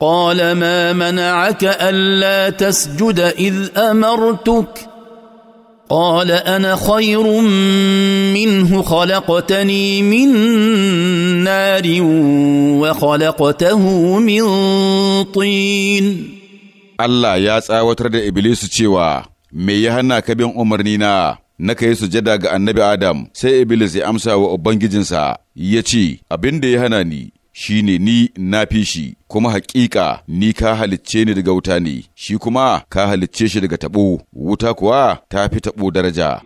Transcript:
قال ما منعك الا تسجد اذ امرتك قال انا خير منه خلقتني من نار وخلقته من طين Allah ya tsawatar da iblis cewa, Me ya hana ka bin umarnina na kai yi sujada ga annabi Adam, sai Iblis ya amsa wa Ubangijinsa, ya ce, Abin da ya hana ni, shi ne ni na fi shi, kuma hakika ni ka halicce ni daga wuta ne, shi kuma ka halicce shi daga taɓo, wuta kuwa ta fi taɓo daraja.